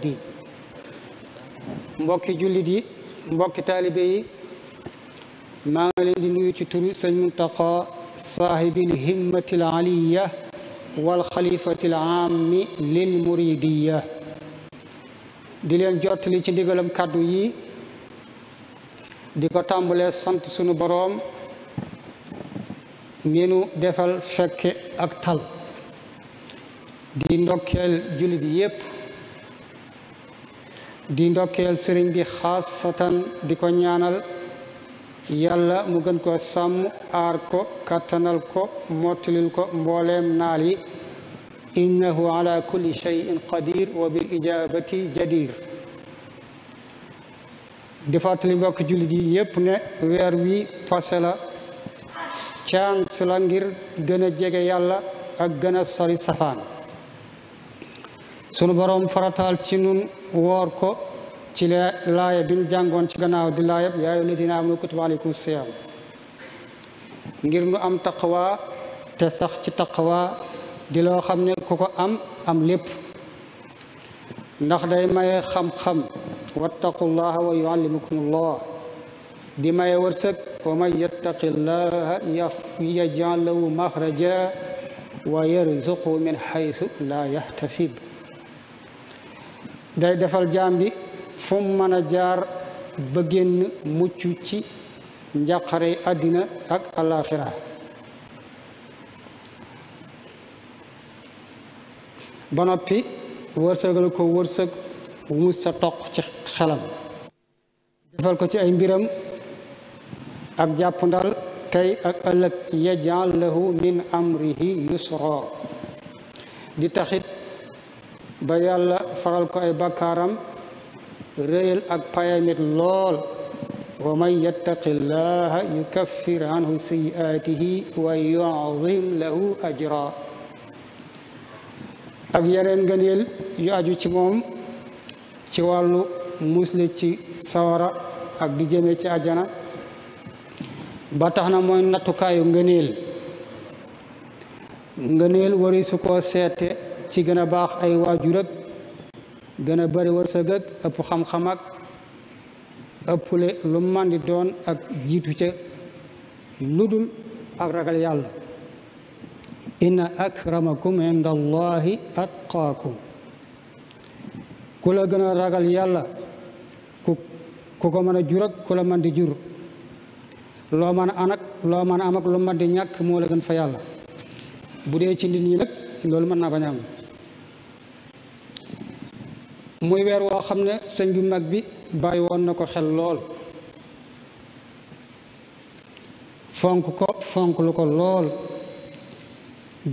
di mbokki jullit yi mbokki taalibe maa ngi leen di nuyu ci turu sëñ Muntaqa saahibil himmatil aliya wal xalifatil aami lil muridiya di leen jottali ci ndigalam kàddu yi di ko tàmbalee sant sunu boroom minu defal fekke ak tal di ndokkeel jullit yépp di ndokkeel sëriñ bi xaasatan di ko ñaanal yàlla mu gën ko sàmm aar ko kattanal ko mottalil ko mbooleem naal yi innahu ala kulli shay'in qadir wa bil ijabati jadir di fàttali mbokk jullit yi yépp ne weer wi passé la ngir gën a jege yàlla ak gën a sori safaan sunu boroom farataal ci nun woor ko ci laaya bi ñu jàngoon ci gannaaw di laayab yaa ayyuhal ladiina aamanu kutiba aleykum siyaam ngir nu am taqwa te sax ci taqwa di loo xam ne ku ko am am lépp ndax day may xam-xam wattaqullaha wa yuallimukumullah di may wërsëg wa man yattaqillaha yaj'al lahu maxraja wa yarzuqhu min xaytu la yaxtasib day defal jaam bi fu mu mën a jaar ba mucc ci njàqare àddina ak alaxira ba noppi wërsëgal ko wërsëg wu mu sa toq ci xelam defal ko ci ay mbiram ak jàpp ndal tey ak ëllëg yajal lahu min amrihi yusra di taxit ba yàlla faral ko ay bakkaaram réyal ak payamit lool wa man yattaqillaha yukaffir anhu sayyi'atihi wa yu'zim lahu ajra ak yeneen ngëneel yu aju ci moom ci wàllu musle ci sawara ak di ci ajana ba tax na mooy nattukaayu ngëneel ngëneel wari su seete ci gën a baax ay waa ak gën a bari wërsëg ak ëpp xam-xam ak ëpple lu man di doon ak jiitu ca lu dul ak ragal yàlla inna akramakum inda allahi atqaakum ku la gën a ragal yàlla ku ko mën a jur ak ku la man di jur loo mën a am ak loo mën a am lu man di ñàkk moo la gën fa yàlla bu dee ci nit ñi nag loolu mën naa bañ am muy weer woo xam ne sëñ bi mag bi bàyyiwoon na ko xel lool fonk ko fonk lu ko lool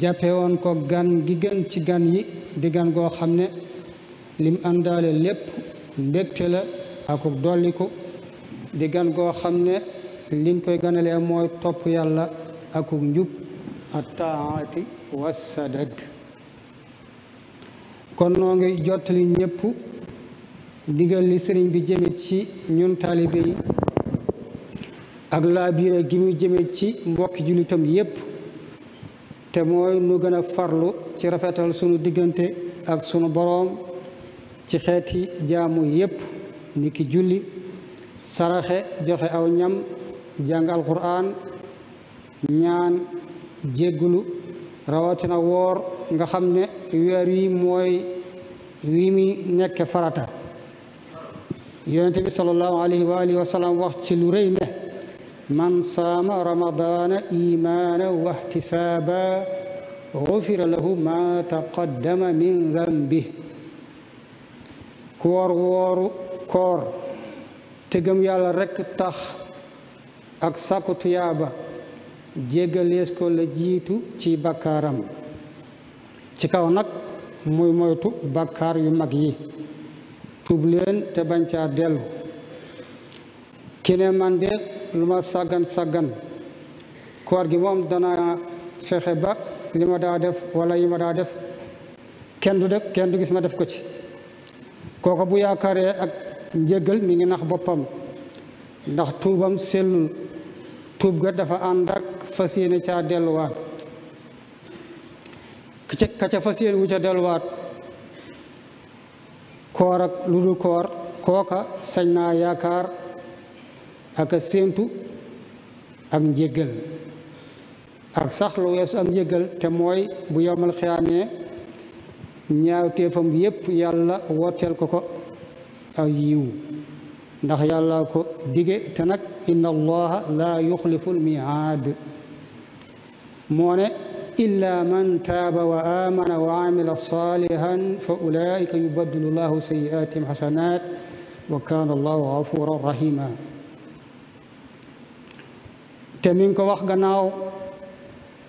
jàppe woon ko gan gi gën ci gan yi di gan goo xam ne lim àndaale lépp mbégte la ak dolliku di gan goo xam ne liñ koy ganalee mooy topp yàlla ak njub attaati wassadad kon noo ngi jottali ñépp digal sëriñ bi jëme ci ñun taalibe yi ak laabiire gi muy jëme ci mbokki jullitam yépp te mooy nu gën a farlu ci rafetal sunu diggante ak sunu boroom ci xeeti jaamu yépp niki julli saraxe joxe aw ñam jàng alxuraan ñaan jeglu rawatina woor nga xam ne weer wi mooy wi mi nekk farata yonent bi sallallahu alayhi wa wa sallam wax ci lu rëy ne man saama ramadana imaana wa ihtisaaba gufira lahu ma taqaddama min dambih ku woor wooru koor te gëm yàlla rekk tax ak sàkku tuyaaba jéggalees ko la jiitu ci bakkaaram ci kaw nag muy moytu bakkaar yu mag yi tuub leen te bañ caa dellu ki ne man de lu ma sàggan sàggan koor gi moom dana fexe ba li ma daa def wala yi ma daa def kenn du def kenn du gis ma def ko ci kooko bu yaakaaree ak njéggal mi ngi nax boppam ndax tuubam sellul tuub ga dafa ànd ak fas yéene delluwaat ka ca fas yéene wu ca delluwaat koor ak lu dul koor kooka sañ naa yaakaar aka a séentu ak njéggal ak sax lu weesu ak njéggal te mooy bu yomal xiyaamee ñaawteefam yépp yàlla wooteel ko ko aw yiw ndax yàlla ko dige te nag inna allaha la yuxlifu almiaad moone ne illa man taaba wa amana wa amila salihan fa ulaika yubaddilu llahu sayiatihim xasanat wa kana allahu gafuran rahima te mi ko wax gannaaw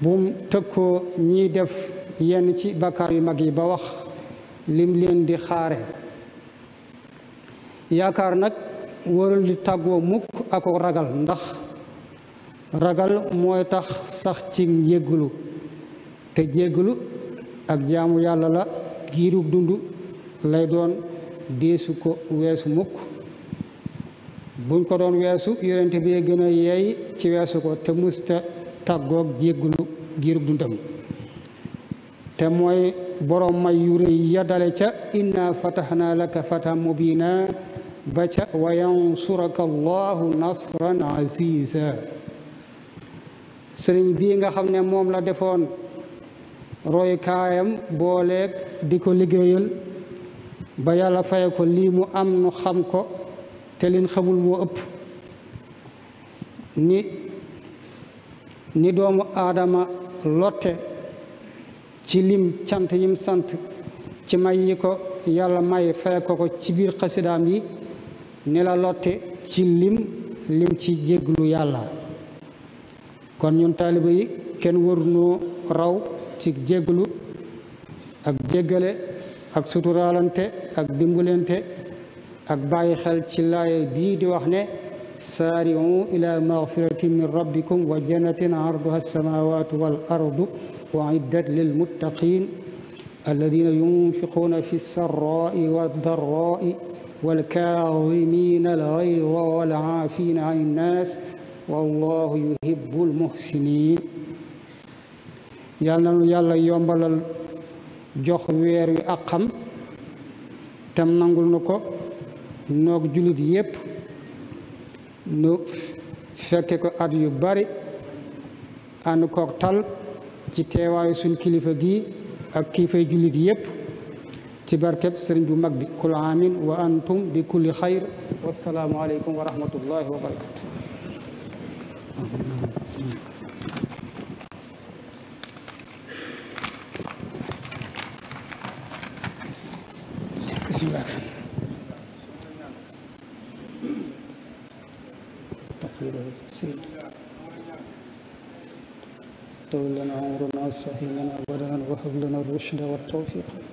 bum tëkkoo ñiy def yenn ci bakkaar yu mag yi ba wax lim leen di xaare yaakaar nag warul di tàggoo mukk ako ragal ndax ragal mooy tax sax ci njéggulu te jéggulu ak jaamu yàlla la giirug dund lay doon deesu ko weesu mukk buñ ko doon weesu yonente bi gën a yeey ci weesu ko te musta tàggook jéggulu giirug dundam te mooy borom may yu rëy dale ca inna fataxnaa laka fatahan mubina ba ca wa yansuraka allahu nasran aziza sëriñ bii nga xam ne moom la defoon royukaayam booleeg di ko liggéeyal ba yàlla faye ko lii mu am nu xam ko te liñ xamul moo ëpp ni ni doomu aadama lotte ci lim cant yim sant ci may yi ko yàlla may faye ko ko ci biir xasidaam yi ni la lotte ci lim lim ci jéglu yàlla kon ñun taaliba yi kenn waruñoo raw ci jégglu ak jéggale ak suturaalante ak dimbalante ak bàyyi xel ci laaya bii di wax ne saari'u ila magfiratin min rabbikum wa jannatin arduha alsamawatu wal ardu uiddat lil muttaqin alladina yunfiquuna fi sarraai waddarraai walkaazimiina alxayza wal aafina an innaas wallahu yuhibbul muhsinin yàlla na yàlla yombalal jox weer wi ak xam tam nangul nu ko noog jullit yépp nu fekke ko at yu bari ànd koog tal ci teewaayu suñ kilifa gi ak kiifay jullit yépp ci barkeb sëriñ bu mag bi kul amin wa antum bi kulli xayr wasalaamu aleykum wa rahmatullahi wa barakatu طول لنا عمرنا وسهل لنا بدنا وهب لنا الرشد والتوفيق